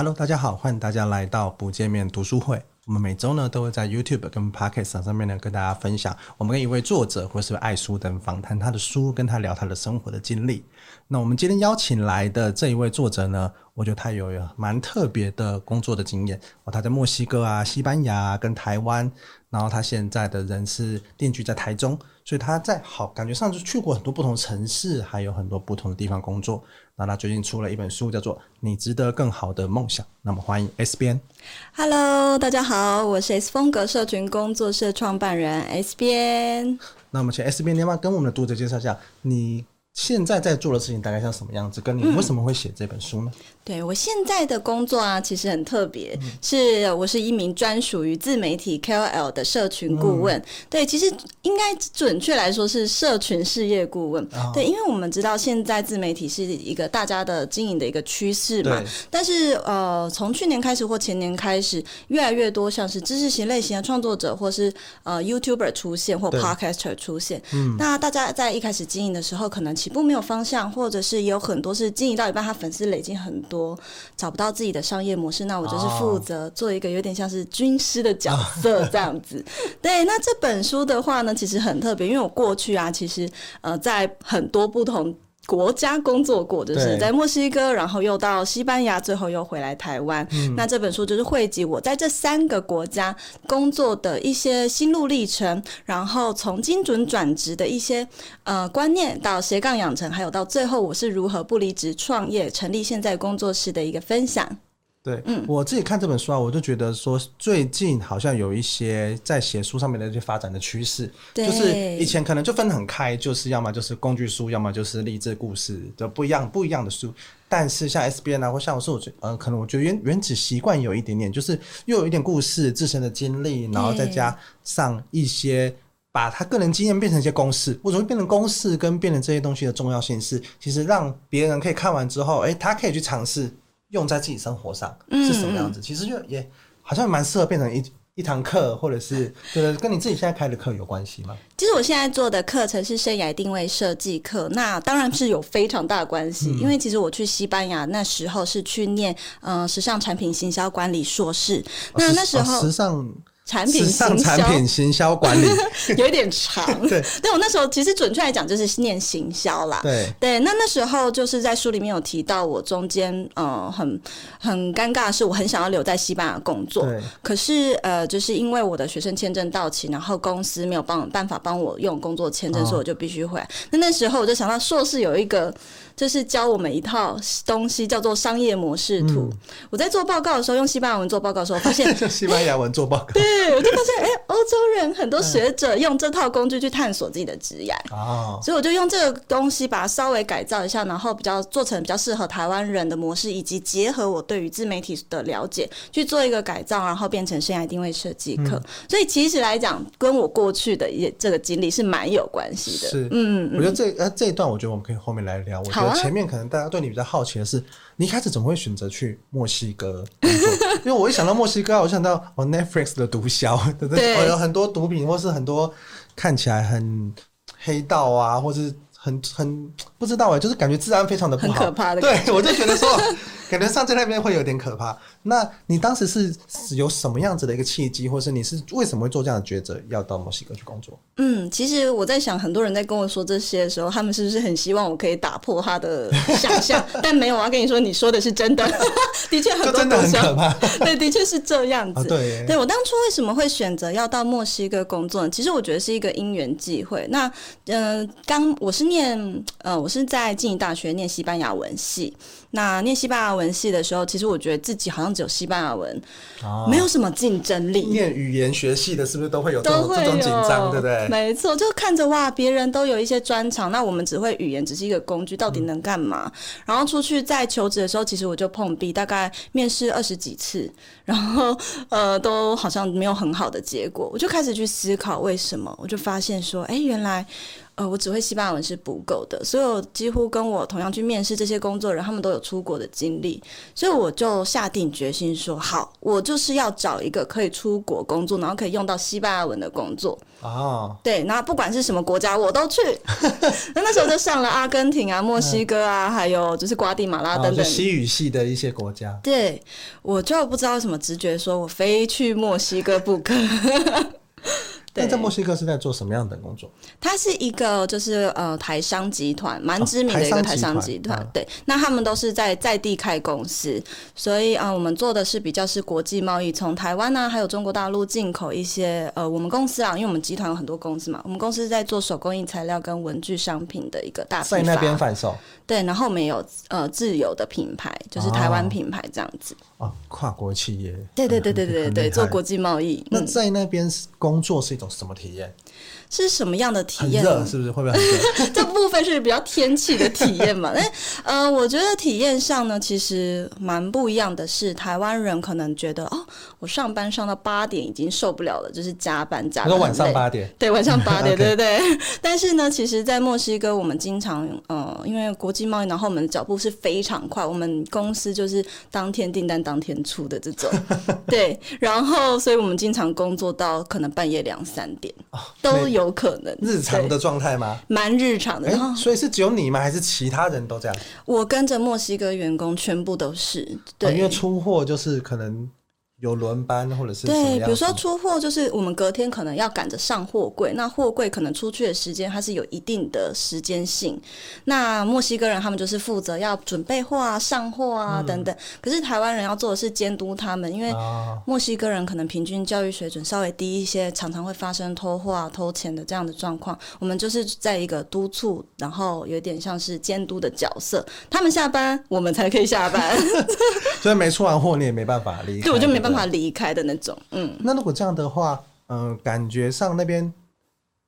Hello，大家好，歡迎大家來到不見面讀書會。我們每周呢都會在 YouTube 跟 Podcast 上面呢跟大家分享，我們跟一位作者或者是愛書的人訪談他的書，跟他聊他的生活的經歷。那我們今天邀請來的這一位作者呢，我覺得他有一個蠻特別的工作的經驗，哦，他在墨西哥啊，西班牙啊，跟台灣。然後他現在的人是定居在台中，所以他在好感覺上是去過很多不同城市，還有很多不同的地方工作。那他最近出了一本書，叫做《你值得更好的夢想》。那麼歡迎 S 編，Hello，大家好，我是 S 風格社群工作室創辦人 S 編。 那麼請 S 編電話跟我們的讀者介紹一下，你現在在做的事情大概像什麼樣子？跟你為什麼會寫這本書呢？嗯對我現在的工作啊，其實很特別，嗯、是我是一名專屬於自媒體 KOL 的社群顧問。嗯、對，其實應該準確來說是社群事業顧問。哦、對，因為我們知道現在自媒體是一個大家的經營的一個趨勢嘛。對但是呃，從去年開始或前年開始，越來越多像是知識型類型的創作者，或是呃 YouTuber 出現或 Podcaster 出現。嗯，那大家在一開始經營的時候，可能起步沒有方向，或者是也有很多是經營到一半，他粉絲累積很。多找不到自己的商業模式，那我就是負責做一個有點像是軍師的角色這樣子。對，那這本書的話呢，其實很特別，因為我過去啊，其實呃，在很多不同。國家工作過，就是在墨西哥，然後又到西班牙，最後又回來台灣。嗯、那這本書就是匯集我在這三個國家工作的一些心路歷程，然後從精準轉職的一些呃觀念到斜槓養成，還有到最後我是如何不離職創業，成立現在工作室的一個分享。對，嗯、我自己看這本書啊，我就覺得說，最近好像有一些在寫書上面的一些發展的趨勢，對就是以前可能就分得很開，就是要麼就是工具書，要麼就是勵志故事的不一樣不一樣的書。但是像 S 編啊，或像我說，我覺嗯，可能我覺得原原子習慣有一點點，就是又有一點故事自身的經歷，然後再加上一些對把他個人經驗變成一些公式。我覺得變成公式，跟變成這些東西的重要性是，其實讓別人可以看完之後，哎、欸，他可以去嘗試。用在自己生活上是什麼樣子？嗯、其實就也好像蠻適合變成一一堂課，或者是就是跟你自己現在開的課有關係嗎？其實我現在做的課程是生涯定位設計課，那當然是有非常大的關係，嗯、因為其實我去西班牙那時候是去念呃時尚產品行銷管理碩士，那、哦、那時候、哦、時尚。產品行銷，時尚產品行銷管理 有一點長。 對，對我那時候其實準確來講就是念行銷啦。對，對，那那時候就是在書裡面有提到我中間呃很很尷尬的是我很想要留在西班牙工作，對 可是呃就是因為我的學生簽證到期，然後公司沒有幫辦法幫我用工作簽證，所以我就必須回。哦、那那時候我就想到碩士有一個。就是教我們一套東西，叫做商業模式圖。我在做報告的時候，用西班牙文做報告的時候，發現、欸、 西班牙文做報告，對我就發現，哎，歐洲人很多學者用這套工具去探索自己的職業哦，所以我就用這個東西，把它稍微改造一下，然後比較做成比較適合台灣人的模式，以及結合我對於自媒體的了解去做一個改造，然後變成生涯定位設計課。所以其實來講，跟我過去的一這個經歷是蠻有關係的。是，嗯，嗯，我覺得這呃這一段，我覺得我們可以後面來聊。我覺得。前面可能大家對你比較好奇的是，你一開始怎麼會選擇去墨西哥？ 因為我一想到墨西哥，我就想到哦 Netflix 的毒梟，對對對，哦，有很多毒品或是很多看起來很黑道啊，或是很很。不知道啊、欸，就是感覺治安非常的不好，很可怕的。對，我就覺得說，可能上街那邊會有點可怕。 那你當時是有什麼樣子的一個契機，或是你是為什麼會做這樣的抉擇，要到墨西哥去工作？嗯，其實我在想，很多人在跟我說這些的時候，他們是不是很希望我可以打破他的想象？ 但沒有，我要跟你說，你說的是真的， 的確很多東西，真的很可怕。 對，的確是這樣子。哦、對，對，對，我當初為什麼會選擇要到墨西哥工作呢？其實我覺得是一個因緣際會。那，嗯、呃，剛我是念，呃，我。我是在靜宜大學念西班牙文系，那念西班牙文系的時候，其實我覺得自己好像只有西班牙文，哦、沒有什麼競爭力。念語言學系的是不是都會有這種緊張，對不對？沒錯，就看着哇，別人都有一些專長，那我們只會語言，只是一個工具，到底能幹嘛？嗯、然後出去在求職的時候，其實我就碰壁，大概面試二十幾次，然後呃，都好像沒有很好的結果。我就開始去思考為什麼，我就發現說，哎、欸，原來。呃、哦，我只會西班牙文是不夠的，所以我幾乎跟我同樣去面試這些工作人，他們都有出國的經歷，所以我就下定決心說，好，我就是要找一個可以出國工作，然後可以用到西班牙文的工作啊。哦、對，那不管是什麼國家，我都去。那 那時候就上了阿根廷啊、墨西哥啊，嗯、還有就是瓜地馬拉等等、哦、西語系的一些國家。對，我就不知道為什麼直覺說，說我非去墨西哥不可。 那在墨西哥是在做什麼樣的工作？它是一個就是呃台商集團，蠻知名的一個台商集團。哦集啊、對，那他們都是在在地開公司，所以啊、呃，我們做的是比較是國際貿易，從台灣啊，還有中國大陸進口一些呃，我們公司啊，因為我們集團有很多公司嘛，我們公司在做手工藝材料跟文具商品的一個大在那邊販售。對，然後我們也有呃自有的品牌，就是台灣品牌這樣子啊。啊，跨國企業。對對對對對對，對做國際貿易。嗯、那在那邊工作是？種是什麼體驗？是什麼樣的體驗？很熱？是不是會不會 這部分是比較天氣的體驗嘛？那 呃，我覺得體驗上呢，其實蠻不一樣的是，台灣人可能覺得哦，我上班上到八點已經受不了了，就是加班加到晚上八點，對，晚上八點， Okay. 對，對對。但是呢，其實，在墨西哥，我們經常呃，因為國際貿易，然後我們的腳步是非常快，我們公司就是當天訂單當天出的這種，對。然後，所以我們經常工作到可能半夜兩三點 都有。有可能日常的狀態嗎？蠻對日常的，欸、後所以是只有你嗎？還是其他人都這樣？我跟着墨西哥員工，全部都是，對，哦、因為出貨就是可能。有輪班或者是什麼？對，比如說出貨就是我們隔天可能要趕着上貨櫃，那貨櫃可能出去的時間它是有一定的時間性。那墨西哥人他們就是負責要準備貨啊、上貨啊等等，嗯、可是台灣人要做的是監督他們，因為墨西哥人可能平均教育水準稍微低一些，常常會發生偷貨、啊、偷錢的這樣的狀況。我們就是在一個督促，然後有點像是監督的角色。他們下班，我們才可以下班。 所以沒出完貨，你也沒辦法離開。對，我吧就沒辦法。他離開的那種，嗯，那如果這樣的話，嗯，感覺上那邊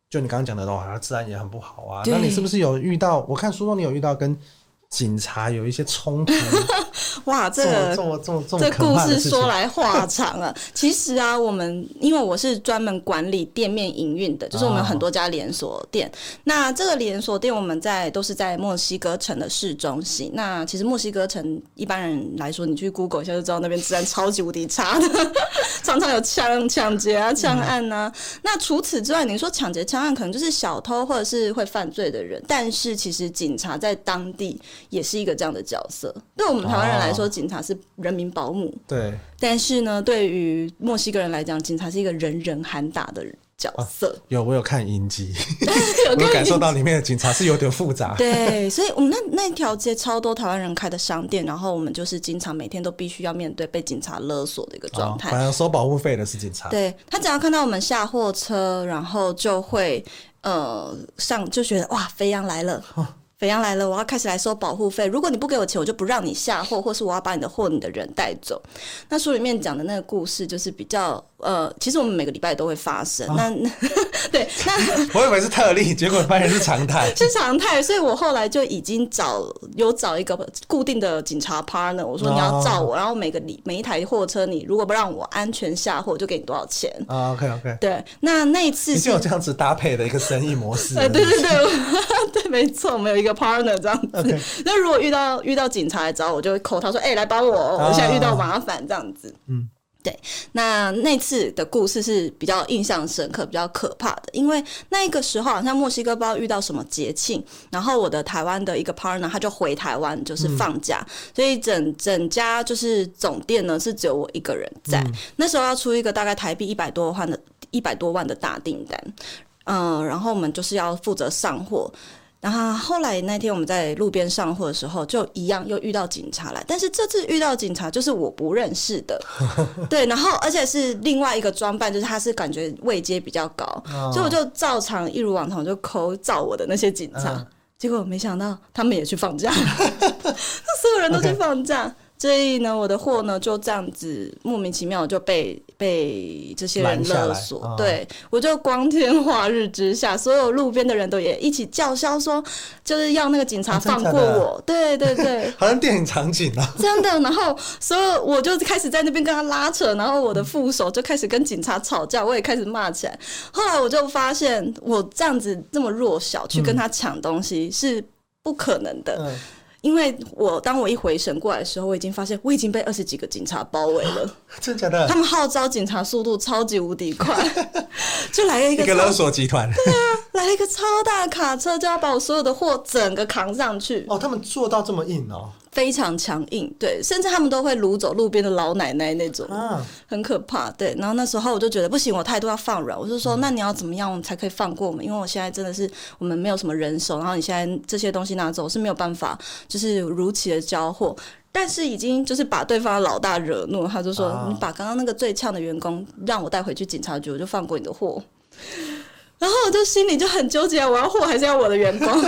就你剛剛講的好像治安也很不好啊。對那你是不是有遇到？我看書中你有遇到跟警察有一些衝突.。 哇，這個這麼，這麼，這麼，這故事說來話長啊。 其實啊，我們因為我是專門管理店面營運的，就是我們很多家連鎖店。哦、那這個連鎖店我們在都是在墨西哥城的市中心。那其實墨西哥城一般人來說，你去 Google 一下就知道那邊治安超級無敵差的， 常常有槍搶劫啊槍案啊。嗯、那除此之外，你說搶劫槍案可能就是小偷或者是會犯罪的人，但是其實警察在當地也是一個這樣的角色。對我們台灣人。哦、來說，警察是人民保母。對，但是呢，對於墨西哥人來講，警察是一個人人喊打的角色。哦，有，我有看影集，影集 我感受到裡面的警察是有點複雜。對，所以我們那那條街超多台灣人開的商店，然後我們就是經常每天都必須要面對被警察勒索的一個狀態，哦、反正收保護費的是警察。對，他，只要看到我們下貨車，然後就會呃上，就覺得哇，肥羊來了。哦北洋來了，我要開始來收保護費。如果你不給我錢，我就不讓你下貨，或是我要把你的貨、你的人帶走。那書裡面講的那個故事，就是比較呃，其實我們每個禮拜都會發生。哦、那、哦、對，那我以為是特例，結果發現是常態，是常態。所以我後來就已經找有找一個固定的警察 partner，我說你要罩我，哦、然後每個禮每一台貨車，你如果不讓我安全下貨，就給你多少錢。啊、哦、OK OK，對。那那一次已經有這樣子搭配的一個生意模式。哎，對對對，對， 沒錯，沒有一個。partner 這樣子，那 Okay. 如果遇到遇到警察來找我，就會 call 他說：“哎、欸，來幫我，我現在遇到麻煩。”這樣子，啊，嗯，對。那那次的故事是比較印象深刻，比較可怕的，因為那個時候好像墨西哥不知道遇到什麼節慶，然後我的台灣的一個 partner 他就回台灣，就是放假，嗯、所以整整家就是總店呢是只有我一個人在。嗯、那時候要出一個大概台幣一百多萬的、的一百多萬的大訂單，嗯、呃，然後我們就是要負責上貨。然後後來那天我們在路邊上貨的時候，就一樣又遇到警察來，但是這次遇到警察就是我不認識的， 對，然後而且是另外一個裝扮，就是他是感覺位階比較高，哦、所以我就照常一如往常就 call 找我的那些警察，嗯、結果沒想到他們也去放假， 所有人都去放假。Okay. 所以呢，我的貨呢就這樣子莫名其妙就被被這些人勒索，對，我就光天化日之下，所有路邊的人都也一起叫囂說，就是要那個警察放過我，對對對，好像電影場景啊。真的，然後所以我就開始在那邊跟他拉扯，然後我的副手就開始跟警察吵架，我也開始罵起來。後來我就發現，我這樣子這麼弱小去跟他搶東西是不可能的。因為我當我一回神過來的時候，我已經發現我已經被二十幾個警察包圍了，哦。真的假的？他們號召警察速度超級無敵快， 就來了一個一個勒索集團。對啊。來了一個超大卡車，就要把我所有的貨整個扛上去。哦，他們做到這麼硬哦，非常強硬，對，甚至他們都會擄走路邊的老奶奶那種嗯，啊、很可怕。對，然後那時候我就覺得不行，我態度要放軟。我就說，嗯、那你要怎麼樣我們才可以放過我們？因為我現在真的是我們沒有什麼人手，然後你現在這些東西拿走我是沒有辦法，就是如期的交貨。但是已經就是把對方的老大惹怒，他就說：“啊、你把剛剛那個最嗆的員工讓我帶回去警察局，我就放過你的貨。”然後我就心裡就很糾結，我要貨還是要我的員工？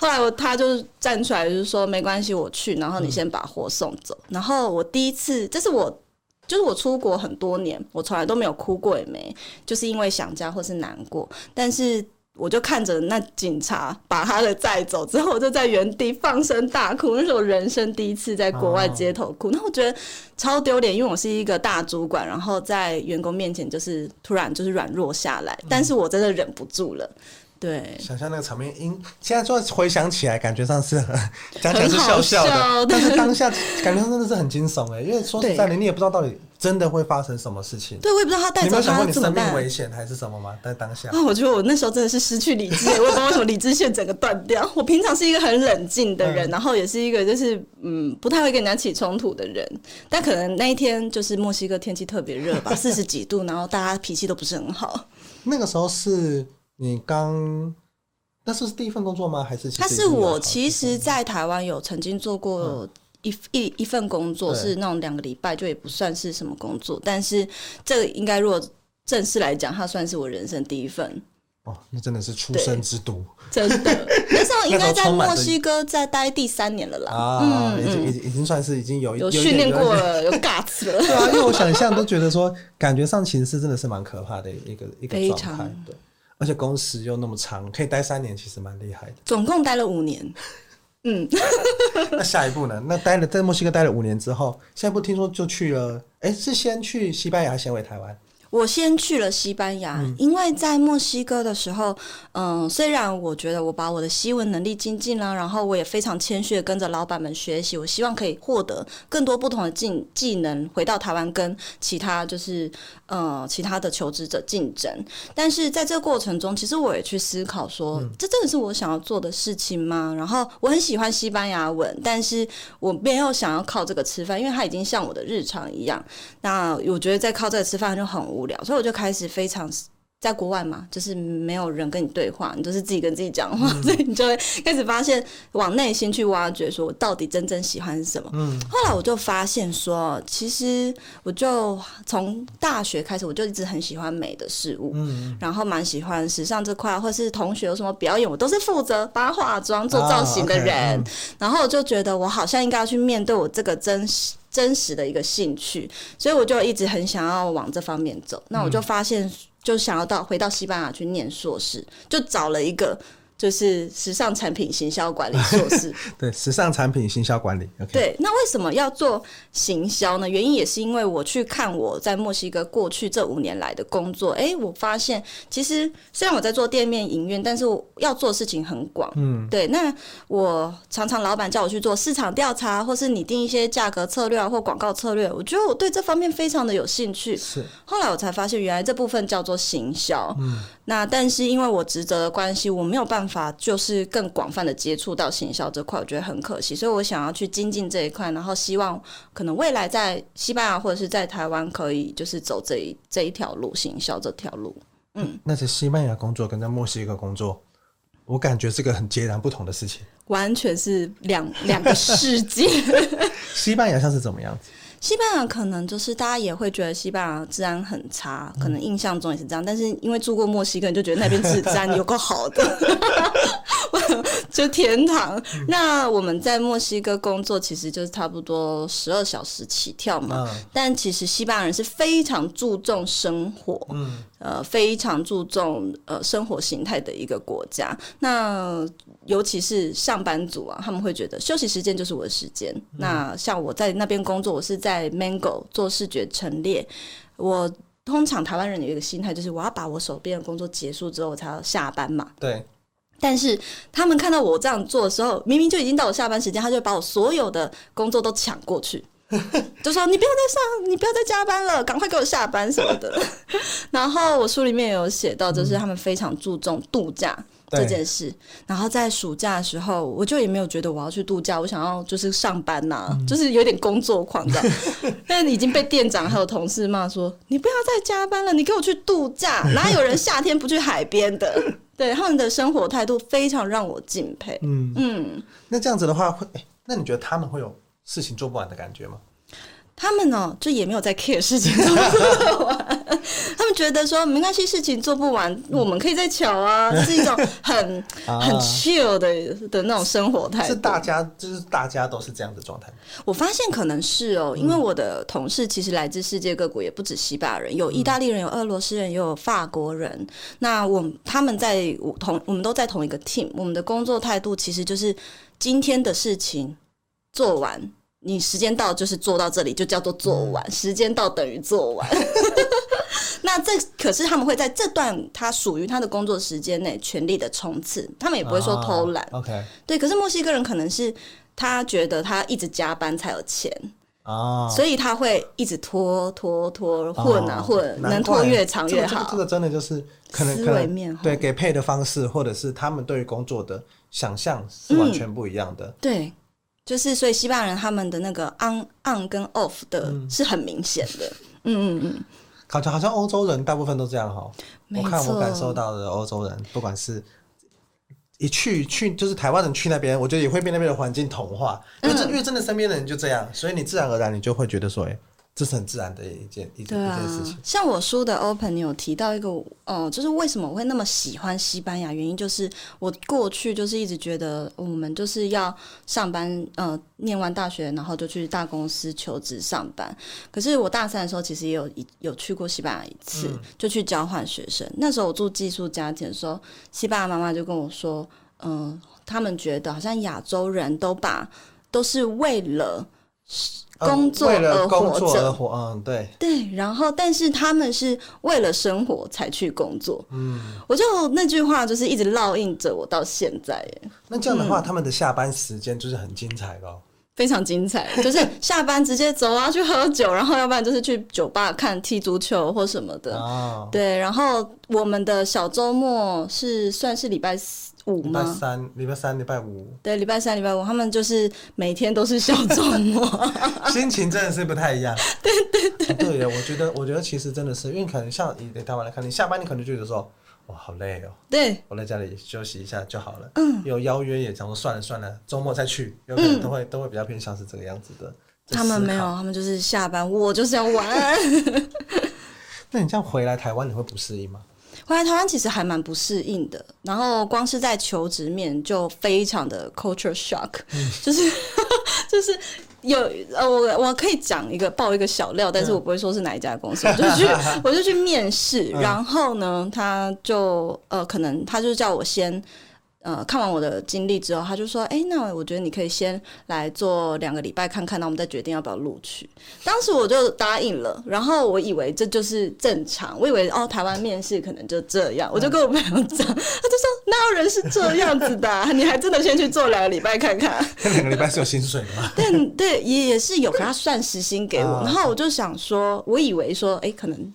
後來我他就站出來就，就是說沒關係，我去，然後你先把貨送走。嗯、然後我第一次，這是我就是我出國很多年，我從來都沒有哭過也沒，就是因為想家或是難過，但是。我就看着那警察把他的載走之後，我就在原地放聲大哭，那是我人生第一次在國外街頭哭。哦、那我覺得超丟臉，因為我是一個大主管，然後在員工面前就是突然就是軟弱下來，但是我真的忍不住了。嗯、對，想象那個場面因，因現在說回想起來，感覺上是很講起來是笑笑的，笑但是當下感覺上真的是很驚悚哎、欸，因為說實在的，對你也不知道到底。真的會發生什麼事情？對，我也不知道他帶走他怎麼，你沒想過你生命危險還是什麼嗎？在當下，那、啊、我覺得我那時候真的是失去理智了， 我為什麼理智線整個斷掉？我平常是一個很冷靜的人，嗯、然後也是一個就是嗯不太會跟人家起衝突的人，但可能那一天就是墨西哥天氣特別熱吧，四十 幾度，然後大家脾氣都不是很好。那個時候是你剛那是，是第一份工作嗎？還是他是我其實，在台灣有曾經做過。一一一份工作，是那種兩個禮拜就也不算是什麼工作，對但是這個應該如果正式來講，它算是我人生第一份。哦，那真的是初生之犢。真的 那時候應該在墨西哥在待第三年了啦。 啊，嗯嗯、已經已經已經算是已經有有訓練過了，有嘎子了。 對啊，因為我想象都覺得說，感覺上其實是真的是蠻可怕的一，一個一個狀態非常，而且工時又那麼長，可以待三年，其實蠻厲害的。總共待了五年。嗯， 那下一步呢？那待了在墨西哥待了五年之後，下一步聽說就去了，哎、欸，是先去西班牙，還是先回台灣？我先去了西班牙，嗯、因為在墨西哥的時候，嗯、呃，雖然我覺得我把我的西文能力精進了、啊，然後我也非常謙虛的跟着老闆們學習，我希望可以獲得更多不同的技技能，回到台灣跟其他就是嗯、呃，其他的求職者競爭。但是在這個過程中，其實我也去思考說，嗯、這真的是我想要做的事情嗎？然後我很喜歡西班牙文，但是我沒有想要靠這個吃飯，因為它已經像我的日常一樣。那我覺得在靠這個吃飯就很無聊。無聊，所以我就開始非常。在國外嘛，就是沒有人跟你對話，你都是自己跟自己講話，嗯、所以你就會開始發現往內心去挖掘，說我到底真正喜歡是什麼。嗯、後來我就發現說，其實我就從大學開始，我就一直很喜歡美的事物，嗯，然後蠻喜歡時尚這塊，或是同學有什麼表演，我都是負責幫他化妝、做造型的人。哦、okay, 然後我就覺得我好像應該要去面對我這個真實、真實的一個興趣，所以我就一直很想要往這方面走。嗯、那我就發現。就想要到回到西班牙去念碩士，就找了一個。就是時尚產品行銷管理碩士。 對，時尚產品行銷管理。OK。對，那為什麼要做行銷呢？原因也是因為我去看我在墨西哥過去這五年來的工作，哎、欸，我發現其實雖然我在做店面營運，但是我要做的事情很廣。嗯。對，那我常常老板叫我去做市場調查，或是擬定一些價格策略啊，或廣告策略。我覺得我對這方面非常的有興趣。是。後來我才發現，原來這部分叫做行銷。嗯。那但是因為我職責的關係，我沒有辦法。法就是更廣泛的接觸到行銷這塊，我覺得很可惜，所以我想要去精進這一塊，然後希望可能未來在西班牙或者是在台灣可以就是走這一這一條路，行銷這條路。路。嗯，那在西班牙工作跟在墨西哥工作，我感覺是個很截然不同的事情，完全是兩兩個世界。 西班牙像是怎麼樣子？西班牙可能就是大家也會覺得西班牙治安很差，可能印象中也是這樣。嗯、但是因為住過墨西哥，你就覺得那邊治安有夠好的， 就天堂。那我們在墨西哥工作其實就是差不多十二小時起跳嘛。嗯、但其實西班牙人是非常注重生活，嗯、呃，非常注重呃生活形態的一個國家。那尤其是上班族啊，他們會覺得休息時間就是我的時間。嗯、那像我在那邊工作，我是在 Mango 做視覺陳列。我通常台灣人有一個心態，就是我要把我手邊的工作結束之後我才要下班嘛。對。但是他們看到我這樣做的時候，明明就已經到我下班時間，他就把我所有的工作都搶過去， 就說：“你不要再上，你不要再加班了，趕快給我下班什麼 的。” 然後我書裡面也有寫到，就是他們非常注重度假。對這件事，然後在暑假的時候，我就也沒有覺得我要去度假，我想要就是上班吶、啊，嗯、就是有點工作狂這樣， 但是已經被店長還有同事罵說：“ 你不要再加班了，你給我去度假！哪有人夏天不去海邊的？” 對，他們的生活態度非常讓我敬佩。嗯，嗯，那這樣子的話，會、欸、那你覺得他們會有事情做不完的感覺嗎？ 他們呢、喔，就也沒有在 care 事情做不完。覺得說沒關係，事情做不完，嗯、我們可以再瞧啊，是一種很、 啊、很 chill 的的那種生活態度。是大家就是大家都是這樣的狀態。我發現可能是哦、喔、嗯、因為我的同事其實來自世界各國，也不止西班牙人，有意大利人，有俄羅斯人，也有法國人。嗯、那我們他們在同我們都在同一個 team，我們的工作態度其實就是今天的事情做完，你時間到就是做到這裡就叫做做完，嗯、時間到等於做完。 那這可是他們會在這段他屬於他的工作時間內全力的衝刺，他們也不會說偷懶、哦。OK，對。可是墨西哥人可能是他覺得他一直加班才有錢啊，哦、所以他會一直拖拖拖混啊混，能拖越長越好。這個、這個真的就是可能思維面可能對給配的方式，或者是他們對於工作的想象是完全不一樣的、嗯。對，就是所以西班牙人他們的那個 on on 跟 off 的是很明顯的。嗯嗯嗯。嗯好像好像歐洲人大部分都這樣哈，我看我感受到的歐洲人，不管是，一去一去就是台灣人去那邊，我覺得也會被那邊的環境同化，因為真因為真的身邊的人就這樣，所以你自然而然你就會覺得說，哎。這是很自然的一件一件事情，啊。像我說的，Open 你有提到一個哦，呃，就是為什麼我會那麼喜歡西班牙？原因就是我過去就是一直覺得我們就是要上班，呃，念完大學然後就去大公司求職上班。可是我大三的時候，其實也有一有去過西班牙一次，嗯，就去交換學生。那時候我住寄宿家庭的時候，西班牙媽媽就跟我說，嗯，呃，他們覺得好像亞洲人都把都是為了。工作而活着，嗯，對對，然後但是他們是為了生活才去工作，嗯，我就那句話就是一直烙印着我到現在。那這樣的話，嗯，他們的下班時間就是很精彩咯，非常精彩，就是下班直接走啊去喝酒， 然後要不然就是去酒吧看踢足球或什麼的，對。然後我們的小週末是算是禮拜四。禮拜三、禮拜三、禮拜五，對，禮拜三、禮拜五，他們就是每天都是小週末， 心情真的是不太一樣。 對對對，啊、對我覺得，我覺得其實真的是，因為可能像你，以台灣來看，你下班你可能就覺得說，哇，好累哦、喔，對，我在家裡休息一下就好了。嗯，有邀約也講說算了算了，週末再去，有可能都會、嗯、都會比較偏向是這個樣子的。他們沒有，他們就是下班，我就是要玩。 那你這樣回來台灣，你會不適應嗎？回來台灣其實還蠻不適應的，然後光是在求職面就非常的 culture shock，、嗯、就是 就是有呃我我可以講一個爆一個小料，但是我不會說是哪一家公司，嗯、我就去 我就去面試，然後呢他就呃可能他就叫我先。呃，看完我的經歷之後，他就說：“哎、欸，那我覺得你可以先來做兩個禮拜看看，那我們再決定要不要錄取。”當時我就答應了，然後我以為這就是正常，我以為哦，台灣面試可能就這樣。嗯、我就跟我朋友講，他就說：“那人是這樣子的、啊？ 你還真的先去做兩個禮拜看看？那兩 個禮拜是有薪水的嗎？”對 對，也也是有，給他算時薪給我。嗯、然後我就想說，我以為說，哎、欸，可能。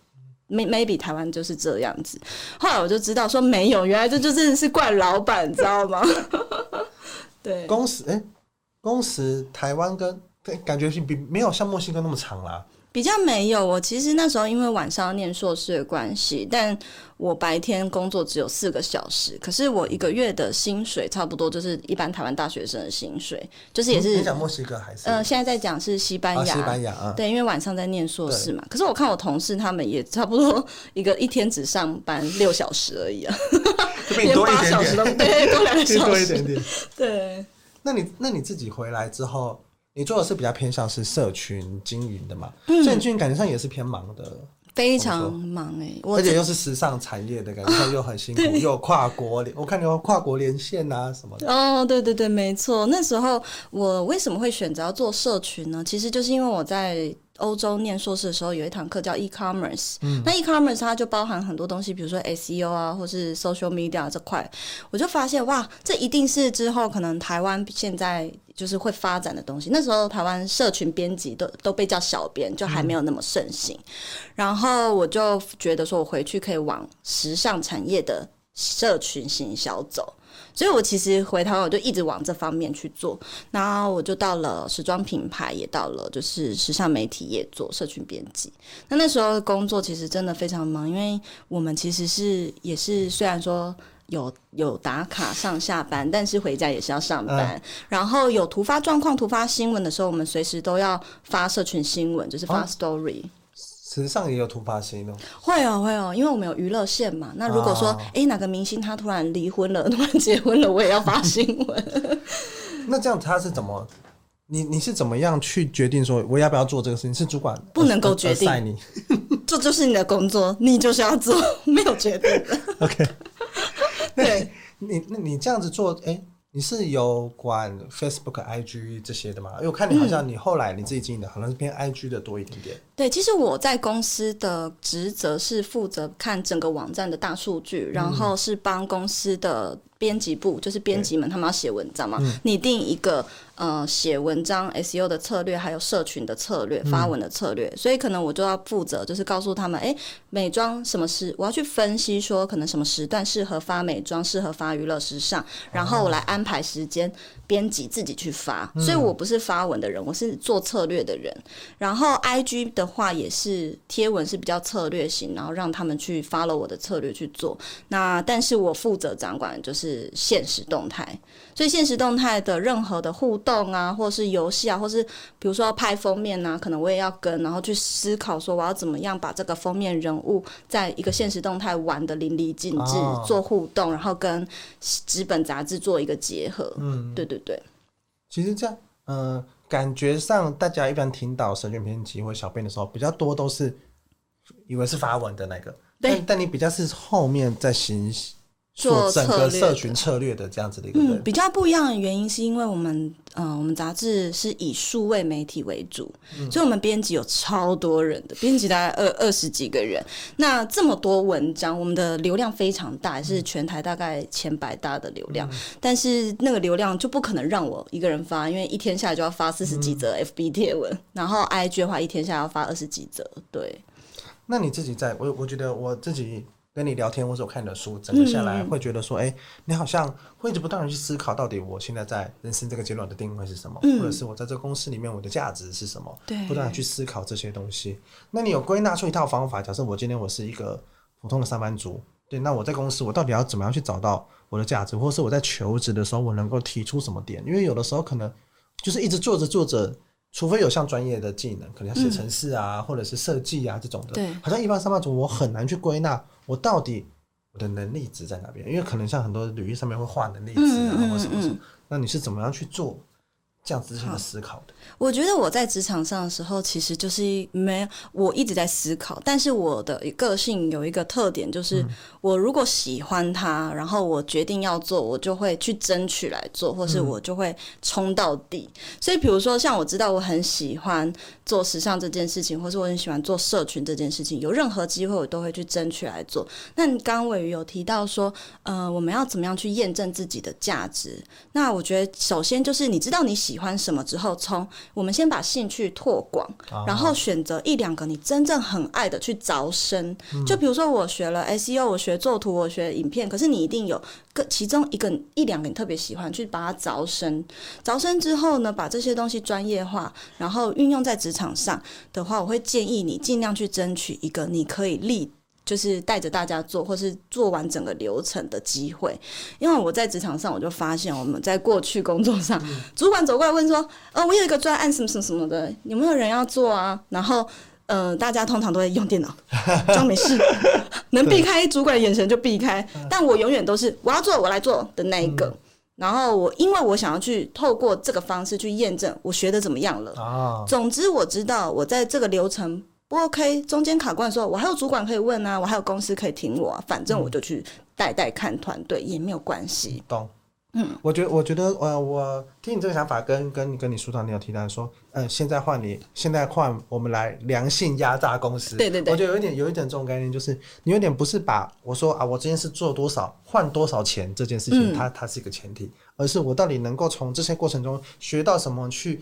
Maybe 台灣就是這樣子，後來我就知道說沒有，原來這就真的是怪老闆，你知道嗎？對、欸，工時，哎，工時台灣跟感覺是比沒有像墨西哥那麼長啦。比較沒有，我其實那時候因為晚上要念碩士的關係，但我白天工作只有四個小時，可是我一個月的薪水差不多就是一般台灣大學生的薪水，就是也是、嗯、你講墨西哥還是嗯、呃，現在在講是西班牙、啊，西班牙啊，對，因為晚上在念碩士嘛。對可是我看我同事他們也差不多一個一天只上班六小時而已啊，連八小時都多，多兩個小時，多一點點。 對，你那你那你自己回來之後？你做的是比較偏向是社群經營的嘛，所以你最近感覺上也是偏忙的，嗯、的非常忙誒、欸、而且又是時尚產業的感覺這又很辛苦，啊、又跨國連， 我看你有跨國連線啊什麼的。哦，對對對，沒錯。那時候我為什麼會選擇要做社群呢？其實就是因為我在。歐洲念碩士的時候有一堂課叫 e-commerce，、嗯、那 e-commerce 它就包含很多東西，比如說 SEO 啊，或是 social media、啊、這塊，我就發現哇，這一定是之後可能台灣現在就是會發展的東西。那時候台灣社群編輯都都被叫小編，就還沒有那麼盛行。嗯、然後我就覺得說，我回去可以往時尚產業的社群行銷走。所以我其實回頭，我就一直往這方面去做，然後我就到了時裝品牌，也到了就是時尚媒體，也做社群編輯。那那時候工作其實真的非常忙，因為我們其實是也是雖然說有有打卡上下班，但是回家也是要上班。嗯、然後有突發狀況、突發新聞的時候，我們隨時都要發社群新聞，就是發 story。哦時尚也有突發性哦、喔，會哦會哦，因為我們有娛樂線嘛。那如果說，哎、啊欸，哪個明星他突然離婚，了，突然結婚了，我也要發新聞。 那這樣他是怎麼？你你是怎麼樣去決定說我要不要做這個事情？你是主管不能夠決定， 這就是你的工作，你就是要做，沒有決定的。 OK，對，那你那你這樣子做，哎、欸，你是有管 Facebook、IG 這些的嗎？因為我看你好像你後來你自己經營的，可能、嗯、是偏 IG 的多一點點。對，其實我在公司的職責是負責看整個網站的大數據，嗯、然後是幫公司的編輯部，就是編輯們他們要寫文章嘛，擬定一個呃寫文章 SEO 的策略，還有社群的策略、發文的策略，嗯、所以可能我就要負責，就是告訴他們，誒、欸，美妝什麼時我要去分析說，可能什麼時段適合發美妝，適合發娛樂時尚，然後我來安排時間。哦啊編輯自己去發，所以我不是發文的人，我是做策略的人。然後 IG 的話也是貼文是比較策略型，然後讓他們去 follow 我的策略去做。那但是我負責掌管就是限時動態，所以限時動態的任何的互動啊，或是遊戲啊，或是比如說要拍封面啊，可能我也要跟，然後去思考說我要怎麼樣把這個封面人物在一個限時動態玩得淋漓盡致，哦、做互動，然後跟紙本雜誌做一個結合。嗯，對對，對。對，其實這樣，嗯、呃，感覺上大家一般聽到社群編輯或小編的時候，比較多都是以為是發文的那個，對但但你比較是後面在行，做整個社群策略的這樣子的一個，嗯，比較不一樣的原因是因為我們，嗯、呃，我們雜誌是以數位媒體為主，嗯、所以我們編輯有超多人的編輯，大概二二十幾個人。那這麼多文章，我們的流量非常大，是全台大概前百大的流量。嗯、但是那個流量就不可能讓我一個人發，因為一天下來就要發四十幾則 FB 貼文，嗯、然後 IG 的話一天下來要發二十幾則。對，那你自己在，我我覺得我自己。跟你聊天，或者我看你的書，整個下來會覺得說，哎、嗯欸，你好像會一直不斷的去思考，到底我現在在人生這個階段的定位是什麼，嗯、或者是我在這個公司裡面我的價值是什麼？對，不斷的去思考這些東西。那你有歸納出一套方法？假設我今天我是一個普通的上班族，對，那我在公司我到底要怎麼樣去找到我的價值，或者是我在求職的時候我能夠提出什麼點？因為有的時候可能就是一直做着做着，除非有像專業的技能，可能要寫程式啊，嗯、或者是設計啊這種的，對，好像一般上班族我很難去歸納、嗯。我到底我的能力值在哪邊？因為可能像很多履歷上面會畫能力值啊，或、嗯嗯嗯、什麼什麼，那你是怎麼樣去做？這樣自思考的，我覺得我在職場上的時候，其實就是沒我一直在思考。但是我的個性有一個特點，就是、嗯、我如果喜歡它，然後我決定要做，我就會去爭取來做，或是我就會衝到底。嗯、所以，比如說像我知道我很喜歡做時尚這件事情，或是我很喜歡做社群這件事情，有任何機會我都會去爭取來做。那你剛剛瑋瑜有提到說，呃，我們要怎麼樣去驗證自己的價值？那我覺得首先就是你知道你喜。喜歡什麼之後衝？我們先把興趣拓廣，然後選擇一兩個你真正很愛的去鑿深。就比如說我學了 SEO，我學做圖，我學影片，可是你一定有個其中一個一兩個你特別喜歡，去把它鑿深。鑿深之後呢，把這些東西專業化，然後運用在職場上的話，我會建議你盡量去爭取一個你可以立。就是帶着大家做，或是做完整個流程的機會，因為我在職場上，我就發現我們在過去工作上，對主管走過來問說：“哦、呃，我有一個專案，什麼什麼什麼的，有沒有人要做啊？”然後，呃，大家通常都會用電腦，裝沒事， 能避開主管的眼神就避開。對但我永遠都是我要做，我來做的那一個。嗯、然後我因為我想要去透過這個方式去驗證我學的怎麼樣了、哦、總之，我知道我在這個流程。不 OK，中間卡關的時候，我還有主管可以問啊，我還有公司可以挺我，反正我就去帶帶看團隊、嗯、也沒有關係。懂，嗯，我覺我覺得，呃，我聽你這個想法跟，跟跟跟你書上你有提到說，嗯、呃，現在換你，現在換我們來良性壓榨公司。對對對，我覺得有一點有一點這種概念，就是你有點不是把我說啊，我這件事做多少換多少錢這件事情，嗯、它它是一個前提，而是我到底能夠從這些過程中學到什麼去，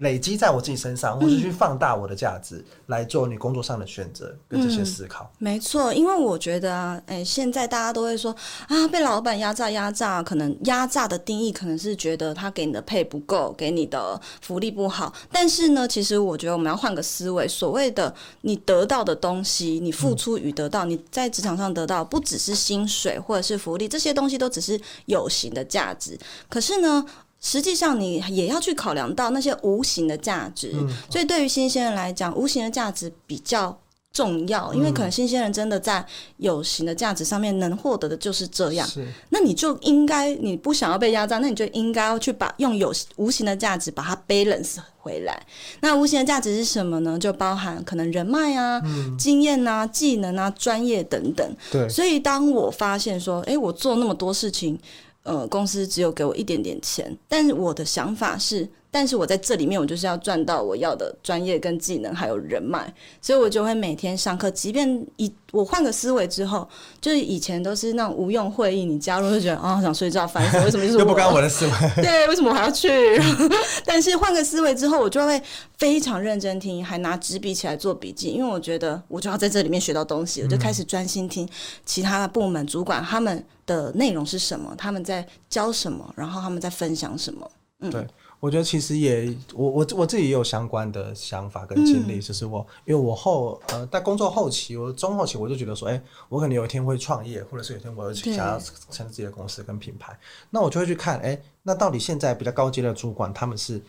累積在我自己身上，或是去放大我的價值，嗯、來做你工作上的選擇跟這些思考。嗯、沒錯，因為我覺得、啊，誒、欸，現在大家都會說啊，被老闆壓榨，壓榨，可能壓榨的定義可能是覺得他給你的配不夠，給你的福利不好。但是呢，其實我覺得我們要換個思維，所謂的你得到的東西，你付出與得到，你在職場上得到不只是薪水或者是福利，這些東西都只是有形的價值。可是呢，實際上，你也要去考量到那些無形的價值，嗯、所以對於新鮮人來講，無形的價值比較重要，嗯、因為可能新鮮人真的在有形的價值上面能獲得的就是這樣。是。那你就應該，你不想要被壓榨，那你就應該要去把用有無形的價值把它 balance 回來。那無形的價值是什麼呢？就包含可能人脈啊、嗯、經驗啊、技能啊、專業等等。對。所以，當我發現說，哎、欸，我做那麼多事情。呃，公司只有給我一點點錢，但是我的想法是，但是我在這裡面，我就是要賺到我要的專業跟技能還有人脈，所以我就會每天上課。即便以我換個思維之後，就是以前都是那種無用會議，你加入就覺得啊、哦，想睡覺，煩。為什麼就是？ 又不管我的思維？對，為什麼我還要去？ 但是換個思維之後，我就會非常認真聽，還拿紙筆起來做筆記，因為我覺得我就要在這裡面學到東西，嗯、我就開始專心聽其他的部門主管他們。的內容是什麼？他們在教什麼？然後他們在分享什麼？嗯，對，我覺得其實也我我我自己也有相關的想法跟經歷，嗯、就是我因為我後呃在工作後期，我中後期我就覺得說，哎、欸，我可能有一天會創業，或者是有一天我想要成立自己的公司跟品牌，對那我就會去看，哎、欸，那到底現在比較高級的主管他們是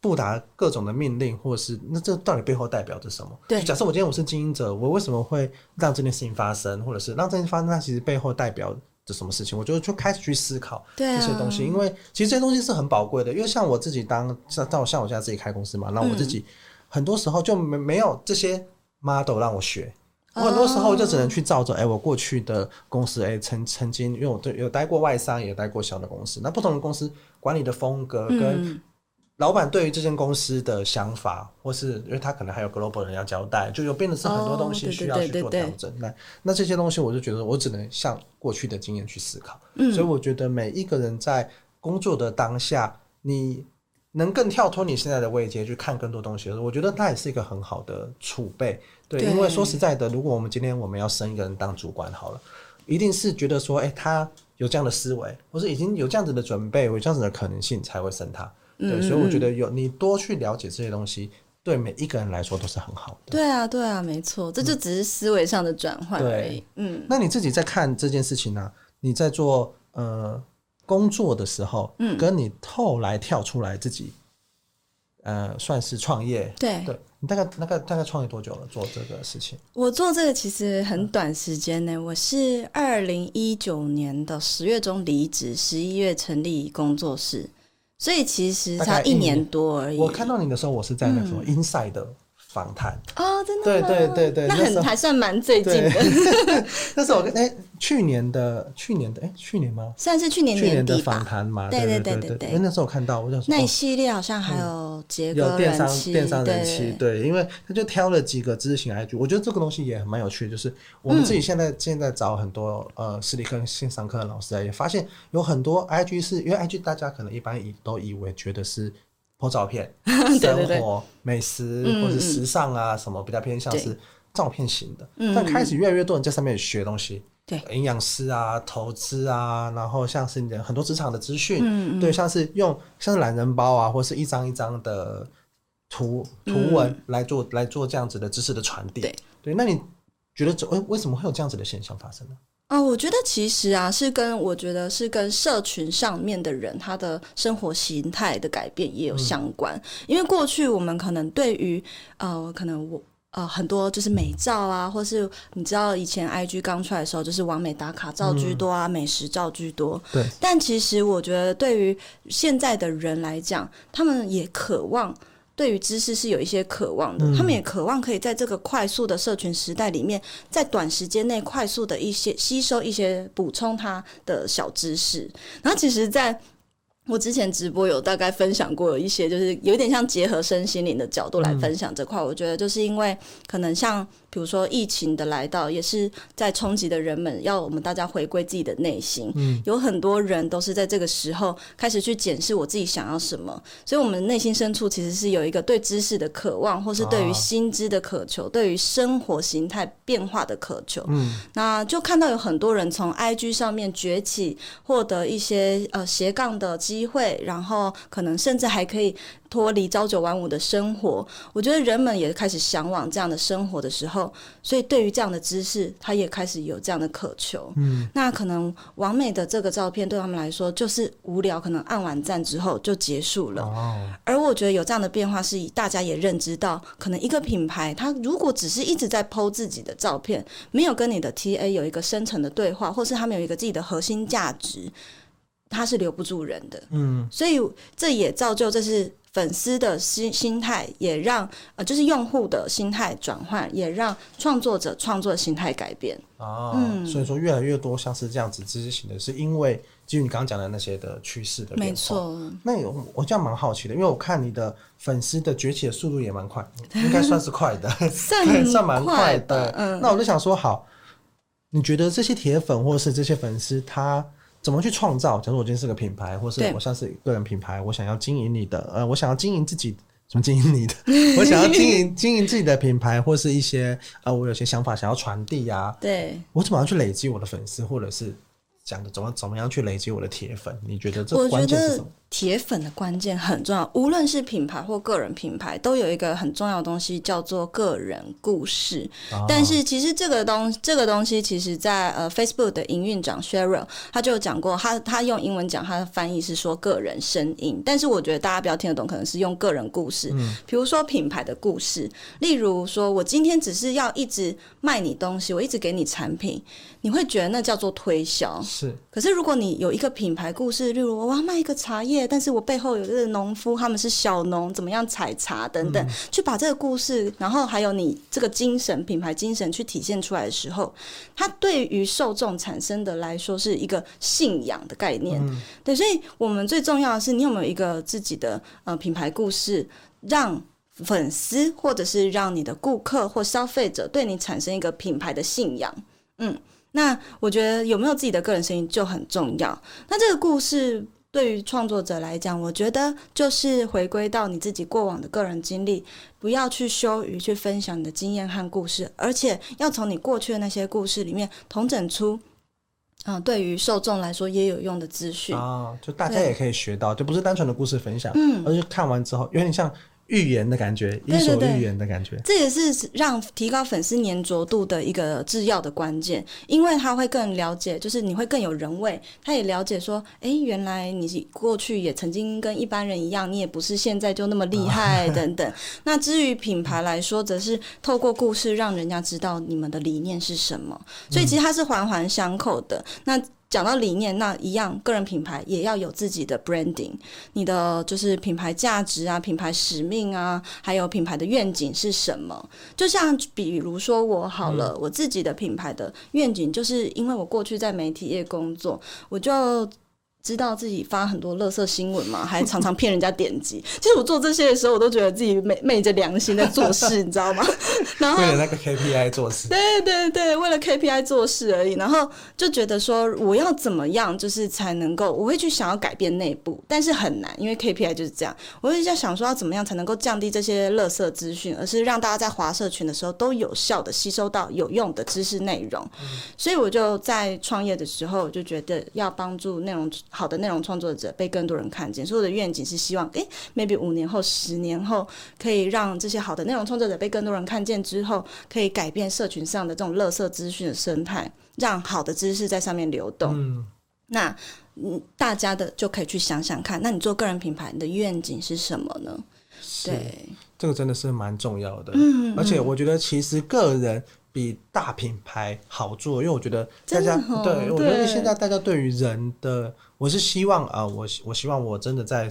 布達各種的命令，或者是那這到底背後代表着什麼？對，假設我今天我是經營者，我為什麼會讓這件事情發生，或者是讓這件事情發生，它其實背後代表。是什麼事情？我就就開始去思考這些東西，啊、因為其實這些東西是很寶貴的。因為像我自己當像像我現在自己開公司嘛，嗯、那我自己很多時候就沒沒有這些 model 讓我學，我很多時候就只能去照着哎、哦欸，我過去的公司哎、欸，曾曾經因為我有有待過外商，也待過小的公司，那不同的公司管理的風格跟，嗯老板對於這間公司的想法，或是因為他可能還有 global 人要交代，就有變得是很多東西需要去做調整。那、oh, 那這些東西，我就覺得我只能向過去的經驗去思考。嗯、所以我覺得每一個人在工作的當下，你能更跳脫你現在的位階去看更多東西，我覺得他也是一個很好的儲備。對，對因為說實在的，如果我們今天我們要升一個人當主管好了，一定是覺得說，誒、欸，他有這樣的思維，或是已經有這樣子的準備，有這樣子的可能性，才會升他。對，所以我覺得有你多去了解這些東西，對每一個人來說都是很好的。對啊、嗯，對啊，沒錯，這就只是思維上的轉換而已。對，嗯。那你自己在看這件事情呢、啊？你在做呃工作的時候，嗯，跟你後來跳出來自己，呃，算是創業。對對，你大概、那個、大概大概創業多久了？做這個事情？我做這個其實很短時間呢、欸。我是二零一九年的十月中離職，十一月成立工作室。所以其實才一,一年多而已。我看到你的時候，我是在那個什麼、嗯、Inside，訪談啊，真的對對對對，那很還算蠻最近的。對 那是我跟哎、欸，去年的去年的哎、欸，去年嗎？算是去年，年去年的訪談嘛？對對對對對。哎，因為那時候我看到，我就說那一系列好像還有結、嗯、有電商電商人氣。對，對，對，對。因為他就挑了幾個知識型 IG，我覺得這個東西也蠻有趣的，就是我們自己現在現在找很多呃私立跟線上課的老師啊，也發現有很多 IG 是因為 IG 大家可能一般以都以為覺得是。拍照片、生活、 對對對美食或者時尚啊，嗯嗯什麼比較偏向是照片型的。對但開始越來越多人在上面學東西，對、嗯嗯，營養師啊、投資啊，然後像是你的很多職場的資訊，嗯嗯對，像是用像是懶人包啊，或是一張一張的圖圖文來做、嗯、來做這樣子的知識的傳遞。對，對，那你覺得這為什麼會有這樣子的現象發生呢？啊，我覺得其實啊，是跟我覺得是跟社群上面的人他的生活形態的改變也有相關，嗯、因為過去我們可能對於呃，可能我呃很多就是美照啊，或是你知道以前 IG 剛出來的時候，就是網美打卡照居多啊，嗯、美食照居多。對。但其實我覺得對於現在的人來講，他們也渴望。對於知識是有一些渴望的，嗯，他們也渴望可以在這個快速的社群時代裡面，在短時間內快速的一些吸收一些補充他的小知識，然後其實，在。我之前直播有大概分享過，有一些就是有點像結合身心靈的角度來分享這塊。我覺得就是因為可能像比如說疫情的來到，也是在衝擊的人們，要我們大家回歸自己的內心。嗯，有很多人都是在這個時候開始去檢視我自己想要什麼。所以，我們內心深處其實是有一個對知識的渴望，或是對於新知的渴求，對於生活形態變化的渴求。嗯，那就看到有很多人從 IG 上面崛起，獲得一些呃斜槓的機。機會，然後可能甚至還可以脫離朝九晚五的生活。我覺得人們也開始嚮往這樣的生活的時候，所以對於這樣的知識，他也開始有這樣的渴求。嗯，那可能完美的這個照片對他們來說就是無聊，可能按完讚之後就結束了。而我覺得有這樣的變化，是以大家也認知到，可能一個品牌它如果只是一直在 PO 自己的照片，沒有跟你的 TA 有一個深層的對話，或是他們有一個自己的核心價值。他是留不住人的。嗯，所以這也造就這是粉絲的心心態，也讓呃就是用戶的心態轉換，也讓創作者創作的心態改變哦，啊嗯、所以說越來越多像是這樣子知識型的，是因為基於你剛剛講的那些的趨勢的沒錯錯。那我我這樣蠻好奇的，因為我看你的粉絲的崛起的速度也蠻快，應該算是快的， 算蠻快的。嗯，那我就想說，好，你覺得這些鐵粉或是這些粉絲他？它怎麼去創造？假如我今天是個品牌，或是我像是個人品牌，我想要經營你的，呃，我想要經營自己，怎麼經營你的？ 我想要經營經營自己的品牌，或是一些，呃，我有些想法想要傳遞呀。對，我怎麼要去累積我的粉絲，或者是？講的怎麼怎麼樣去累積我的鐵粉？你覺得這關鍵是什麼？我覺得鐵粉的關鍵很重要，無論是品牌或個人品牌，都有一個很重要的東西叫做個人故事。哦、但是其實這個東這個東西，其實在呃 Facebook 的營運長 Sheryl，他就講過，他他用英文講，他的翻譯是說個人聲音。但是我覺得大家比較聽得懂，可能是用個人故事。嗯，比如說品牌的故事，例如說我今天只是要一直賣你東西，我一直給你產品。你會覺得那叫做推銷，是。可是如果你有一個品牌故事，例如我我要賣一個茶葉，但是我背後有一個農夫，他們是小農，怎麼樣採茶等等，嗯、去把這個故事，然後還有你這個精神品牌精神去體現出來的時候，它對於受眾產生的來說是一個信仰的概念。嗯、對，所以我們最重要的是你有沒有一個自己的呃品牌故事，讓粉絲或者是讓你的顧客或消費者對你產生一個品牌的信仰。嗯。那我覺得有沒有自己的個人聲音就很重要。那這個故事對於創作者來講，我覺得就是回歸到你自己過往的個人經歷，不要去羞於去分享你的經驗和故事，而且要從你過去的那些故事裡面，統整出，嗯、呃，對於受眾來說也有用的資訊啊，就大家也可以學到，對就不是單純的故事分享，嗯、而是看完之後有點像。預言的感覺，一手預言的感覺，對對對，這也是讓提高粉絲黏著度的一個制藥的關鍵，因為他會更了解，就是你會更有人味，他也了解說，誒，原來你過去也曾經跟一般人一樣，你也不是現在就那麼厲害、啊、等等。 那至於品牌來說，則是透過故事讓人家知道你們的理念是什麼，所以其實它是環環相扣的。嗯、那。講到理念，那一樣，個人品牌也要有自己的 branding，你的就是品牌價值啊，品牌使命啊，還有品牌的願景是什麼？就像比如說我好了，嗯、我自己的品牌的願景就是因為我過去在媒體業工作，我就。知道自己發很多垃圾新聞嘛，還常常騙人家點擊。 其實我做這些的時候，我都覺得自己昧昧着良心在做事， 你知道嗎？然後為了那個 KPI 做事，對對對，為了 KPI 做事而已。然後就覺得說，我要怎麼樣，就是才能夠，我會去想要改變內部，但是很難，因為 KPI 就是這樣。我會在想說，要怎麼樣才能夠降低這些垃圾資訊，而是讓大家在滑社群的時候都有效的吸收到有用的知識內容。嗯。所以我就在創業的時候，我就覺得要幫助內容好的內容創作者被更多人看見，所以我的願景是希望，哎、欸、，maybe 五年後、十年後，可以讓這些好的內容創作者被更多人看見之後，可以改變社群上的這種垃圾資訊的生態，讓好的知識在上面流動。嗯，那嗯，大家的就可以去想想看，那你做個人品牌的願景是什麼呢？對，這個真的是蠻重要的。嗯，嗯，嗯，而且我覺得其實個人。比大品牌好做，因為我覺得大家，哦、對，我覺得現在大家對於人的，對我是希望啊，我我希望我真的在。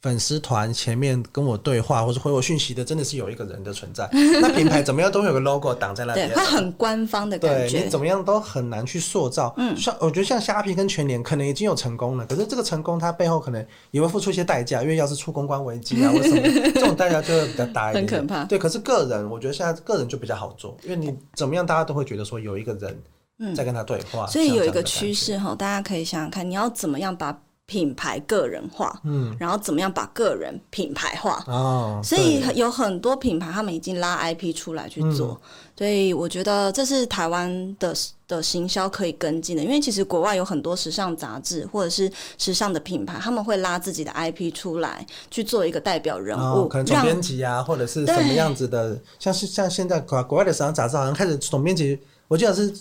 粉絲團前面跟我對話或者回我訊息的，真的是有一個人的存在。 那品牌怎麼樣都會有個 logo 擋在那邊，它很官方的感覺。對，你怎麼樣都很難去塑造。嗯，像我覺得像蝦皮跟全聯可能已經有成功了，可是這個成功它背後可能也會付出一些代價，因為要是出公關危機啊，或什麼 這種代價就會比較大一點。很可怕。對，可是個人，我覺得現在個人就比較好做，因為你怎麼樣，大家都會覺得說有一個人在跟他對話。嗯、所以有一個趨勢哈，大家可以想想看，你要怎麼樣把。品牌個人化，嗯，然後怎麼樣把個人品牌化？哦，所以有很多品牌，他們已經拉 IP 出來去做。嗯、所以我覺得這是台灣的的行銷可以跟進的，因為其實國外有很多時尚雜誌或者是時尚的品牌，他們會拉自己的 IP 出來去做一個代表人物，哦、可能總編輯啊，讓對或者是什麼樣子的，像是像現在國國外的時尚雜誌好像開始總編輯。我記得是，是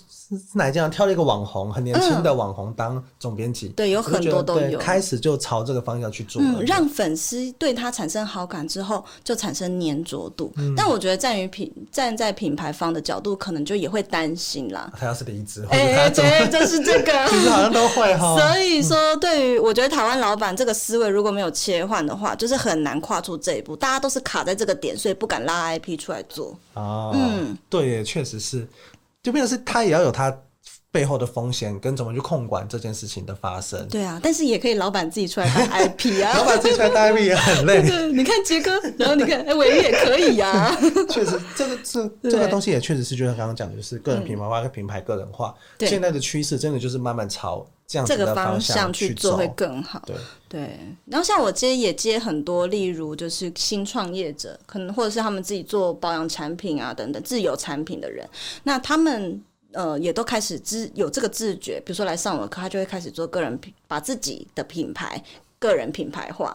哪家挑、啊、了一個網紅，很年輕的網紅當總編輯、嗯，對，有很多都有是是，開始就朝這個方向去做，嗯，讓粉絲對他產生好感之後，就產生粘着度。嗯、但我覺得在於，站於品站在品牌方的角度，可能就也會擔心啦。他要是離職，哎、欸，對，就是這個，其實好像都會哈。所以說，對於我覺得台灣老板這個思維如果沒有切換的、嗯、的話，就是很難跨出這一步。大家都是卡在這個點，所以不敢拉 IP 出來做。哦，嗯，對，也確實是。就變成是，他也要有他背後的風險，跟怎麼去控管這件事情的發生。對啊，但是也可以老板自己出來當 IP 啊， 老板自己出來當 IP 也很累。 對，對，你看傑哥，然後你看哎，瑋瑜、 欸、也可以呀、啊。確 實，這個這這個東西也確實是，就像剛剛講的，就是個人品牌化跟對品牌個人化，嗯、現在的趨勢真的就是慢慢朝。這個方向去做會更好。對，然後像我接也接很多，例如就是新創業者，可能或者是他們自己做保養產品啊等等自有產品的人，那他們呃也都開始自有這個自覺，比如說來上我課，他就會開始做個人品，把自己的品牌。個人品牌化，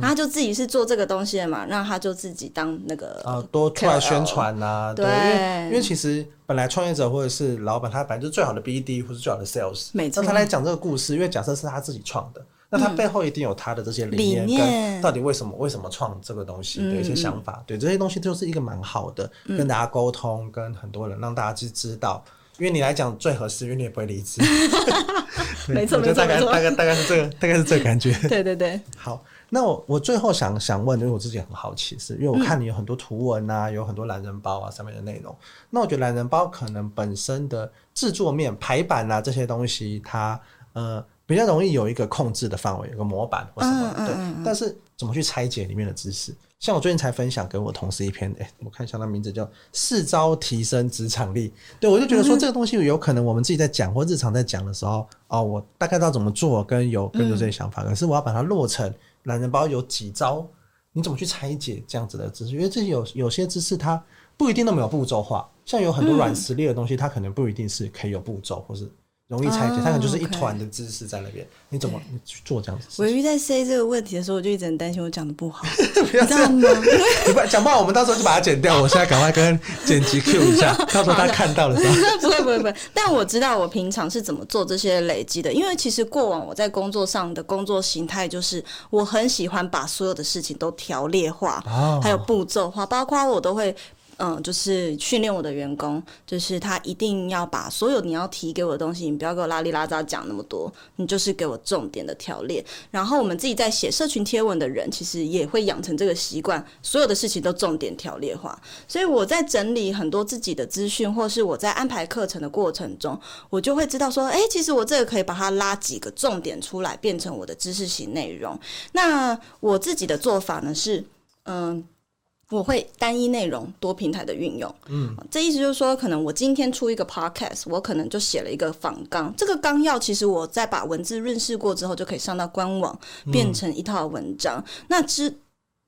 然後、嗯、就自己是做這個東西的嘛，那他就自己當那個 L，啊，多出來宣傳吶、啊，對，對因，因為其實本來創業者或者是老闆，他本來就最好的 B D 或是最好的 Sales，讓、這個、他來講這個故事，因為假設是他自己創的，那他背後一定有他的這些理念，跟到底為什麼念為什麼創這個東西的一些想法，對，這些東西就是一個蠻好的，嗯、跟大家溝通，跟很多人讓大家去知道。因為你來講最合適，因為你也不會離職。 對沒錯錯，沒錯，大概錯大概大概是這個，大概是這個感覺。 對對對。好，那我我最後想想問，因為我自己很好奇是，是因為我看你有很多圖文啊，嗯、有很多懶人包啊，上面的內容。那我覺得懶人包可能本身的制作面、排版啊這些東西，它呃比較容易有一個控制的範圍，有個模板或什麼的。嗯嗯嗯，對，但是怎麼去拆解裡面的知識？像我最近才分享給我同事一篇，哎、欸，我看一下，他名字叫“四招提升職場力”。對我就覺得說，這個東西有可能我們自己在講或日常在講的時候，啊、哦，我大概知道怎麼做，跟有更多這些想法，可是我要把它落成懶人包，有幾招？你怎麼去拆解這樣子的知識？因為這些有有些知識，它不一定都沒有步驟化，像有很多軟實力的東西，它可能不一定是可以有步驟，或是。容易拆解，oh, okay. 它可能就是一團的知識在那邊。你怎麼去做這樣子？我一直在 say 這個問題的時候，我就一直很擔心我講的不好， 不要這樣，你知道嗎？講不，不好，我們到時候就把它剪掉。 我現在趕快跟剪輯 cue 一下， 到時候他看到了。是好的 不會不會不會，不 但我知道我平常是怎麼做這些累積的。因為其實過往我在工作上的工作形態，就是我很喜歡把所有的事情都條列化，oh. 還有步驟化，包括我都會。嗯，就是訓練我的員工，就是他一定要把所有你要提給我的東西，你不要給我拉里拉雜講那麼多，你就是給我重點的條列。然後我們自己在寫社群貼文的人，其實也會養成這個習慣，所有的事情都重點條列化。所以我在整理很多自己的資訊，或是我在安排課程的過程中，我就會知道說，哎，其實我這個可以把它拉幾個重點出來，變成我的知識型內容。那我自己的做法呢是，嗯。我會單一內容多平台的運用，嗯，這意思就是說，可能我今天出一個 podcast，我可能就寫了一個訪綱，這個綱要其實我在把文字潤飾過之後，就可以上到官網變成一套文章。嗯、那之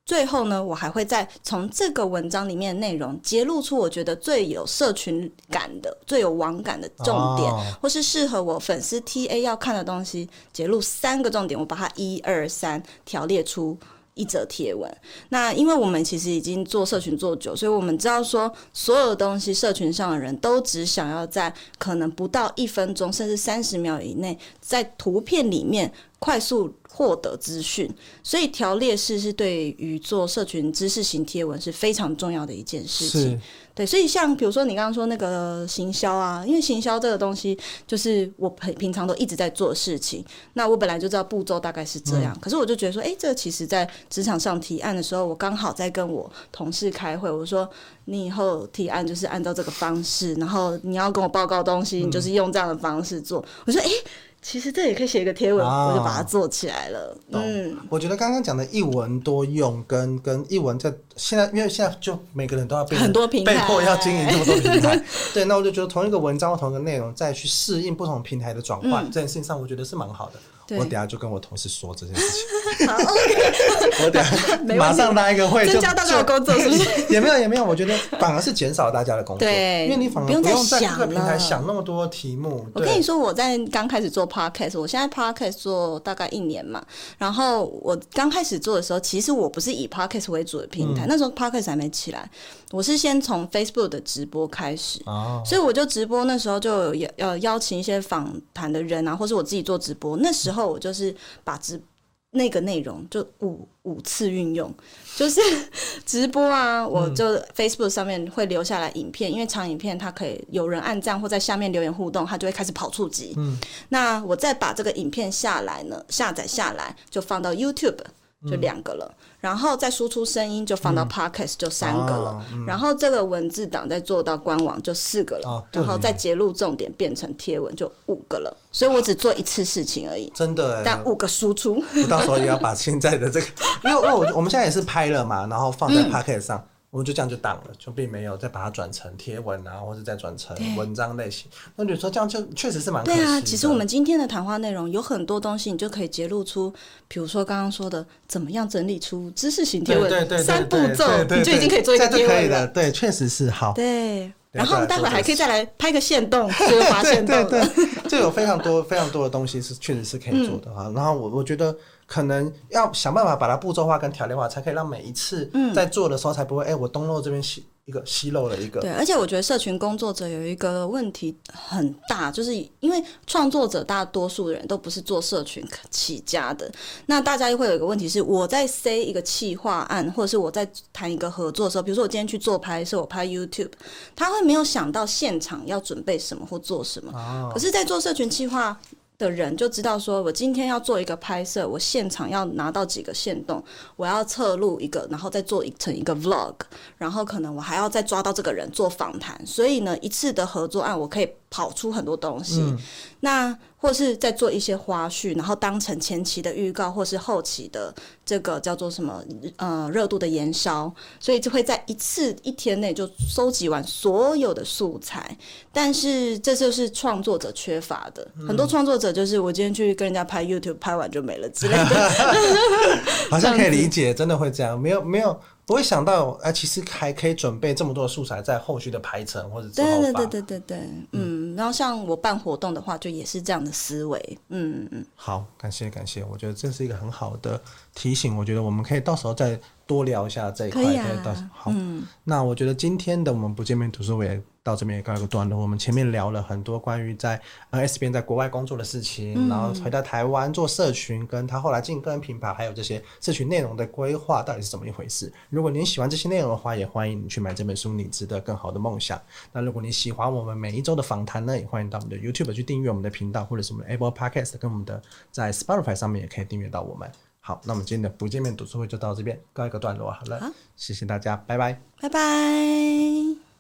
最後呢，我還會再從這個文章裡面的內容節錄出我覺得最有社群感的、最有網感的重點，哦、或是適合我粉絲 TA 要看的東西，節錄三個重點，我把它一二三條列出。一則貼文，那因為我們其實已經做社群做久，所以我們知道說，所有的東西社群上的人都只想要在可能不到一分鐘，甚至三十秒以內，在圖片裡面快速獲得資訊，所以條列式是對於做社群知識型貼文是非常重要的一件事情。是對，所以像比如說你剛剛說那個行銷啊，因為行銷這個東西，就是我平常都一直在做事情。那我本來就知道步驟大概是這樣，嗯、可是我就覺得說，誒、欸，這其實在職場上提案的時候，我剛好在跟我同事開會，我說，你以後提案就是按照這個方式，然後你要跟我報告東西，你就是用這樣的方式做。嗯、我說，誒、欸。其實這也可以寫一個貼文。哦、我就把它做起來了。懂嗯，我覺得剛剛講的一文多用跟跟一文在現在，因為現在就每個人都要被很多平台被迫要經營這麼多平台。 對，那我就覺得同一個文章、同一個內容再去適應不同平台的轉換、嗯、這件事情上，我覺得是蠻好的。對我等下就跟我同事說這件事情。 好，okay 我等下、啊、馬上拉一個會就，增加大家的工作是不是？ 也沒有也沒有，我覺得反而是減少大家的工作，對，因為你反而不用在那個不用再想了。平台想那麼多題目。我跟你說，我在剛開始做 Podcast，我現在 Podcast 做大概一年嘛。然後我剛開始做的時候，其實我不是以 Podcast 為主的平台，嗯、那時候 Podcast 還沒起來，我是先從 Facebook 的直播開始，哦、所以我就直播那時候就有要邀請一些訪談的人啊，或是我自己做直播，那時候、嗯。然後我就是把直那個內容就五五次運用，就是直播啊，嗯、我就 Facebook 上面會留下來影片，因為長影片它可以有人按讚或在下面留言互動，它就會開始跑觸及。嗯、那我再把這個影片下來呢，下載下來就放到 YouTube。就兩個了，嗯、然後再輸出聲音就放到 podcast、嗯、就三個了，哦嗯、然後這個文字檔再做到官網就四個了，哦、然後再節錄重點變成貼文就五個了，嗯、所以我只做一次事情而已。真的，啊，但五個輸出，我到時候也要把現在的這個， 因為我，因為我們現在也是拍了嘛，然後放在 podcast 上。嗯我們就這樣就擋了，就並沒有再把它轉成貼文啊，或者再轉成文章類型。對那你說這樣就確實是蠻可惜的。對啊，其實我們今天的談話內容有很多東西，你就可以揭露出，比如說剛剛說的，怎麼樣整理出知識型貼文，三步驟，對對對對對，你就已經可以做一個貼文了對對對，這就可以了。對，確實是好。對。然後我們待會兒還可以再來拍個限動，做滑限動的。對，對對對。就有非常多非常多的東西是確實是可以做的啊、嗯。然後我我覺得。可能要想辦法把它步驟化跟條列化，才可以讓每一次在做的時候，才不會哎、嗯欸，我東漏這邊吸一個西漏了一個。一個對，而且我覺得社群工作者有一個問題很大，就是因為創作者大多數的人都不是做社群起家的，那大家又會有一個問題是，我在 say 一個企劃案，或者是我在談一個合作的時候，比如說我今天去做拍攝，我拍 YouTube，他會沒有想到現場要準備什麼或做什麼，哦、可是，在做社群企劃。的人就知道，說我今天要做一個拍攝，我現場要拿到幾個限動，我要側錄一個，然後再做一成一個 vlog，然後可能我還要再抓到這個人做訪談，所以呢，一次的合作案我可以。跑出很多東西，嗯、那或是在做一些花絮，然後當成前期的預告，或是後期的這個叫做什麼呃熱度的延燒，所以就會在一次一天內就收集完所有的素材。但是這就是創作者缺乏的，嗯、很多創作者就是我今天去跟人家拍 YouTube，拍完就沒了之類的， 好像可以理解， 真的會這樣，沒有沒有。不會想到，哎、啊，其實還可以準備這麼多的素材，在後續的排程或者之後放。對對對對對對，嗯。然後像我辦活動的話，就也是這樣的思維，嗯嗯嗯。好，感謝感謝，我覺得這是一個很好的提醒。我覺得我們可以到時候再多聊一下這一塊。對啊，到時候。好，嗯。那我覺得今天的我們不見面讀書會到這邊也告一個段落。我們前面聊了很多關於在 S 編在國外工作的事情，然後回到台灣做社群，跟他後來進個人品牌，還有這些社群內容的規劃到底是怎麼一回事。如果你喜歡這些內容的話，也歡迎你去買這本書《你值得更好的夢想》。那如果你喜歡我們每一周的訪談呢，也歡迎到我們的 YouTube 去訂閱我們的頻道，或者是我們的 Apple Podcast 跟我們的在 Spotify 上面也可以訂閱到我們。好，那我們今天的不見面讀書會就到這邊告一個段落，好了，謝謝大家，拜拜，拜拜。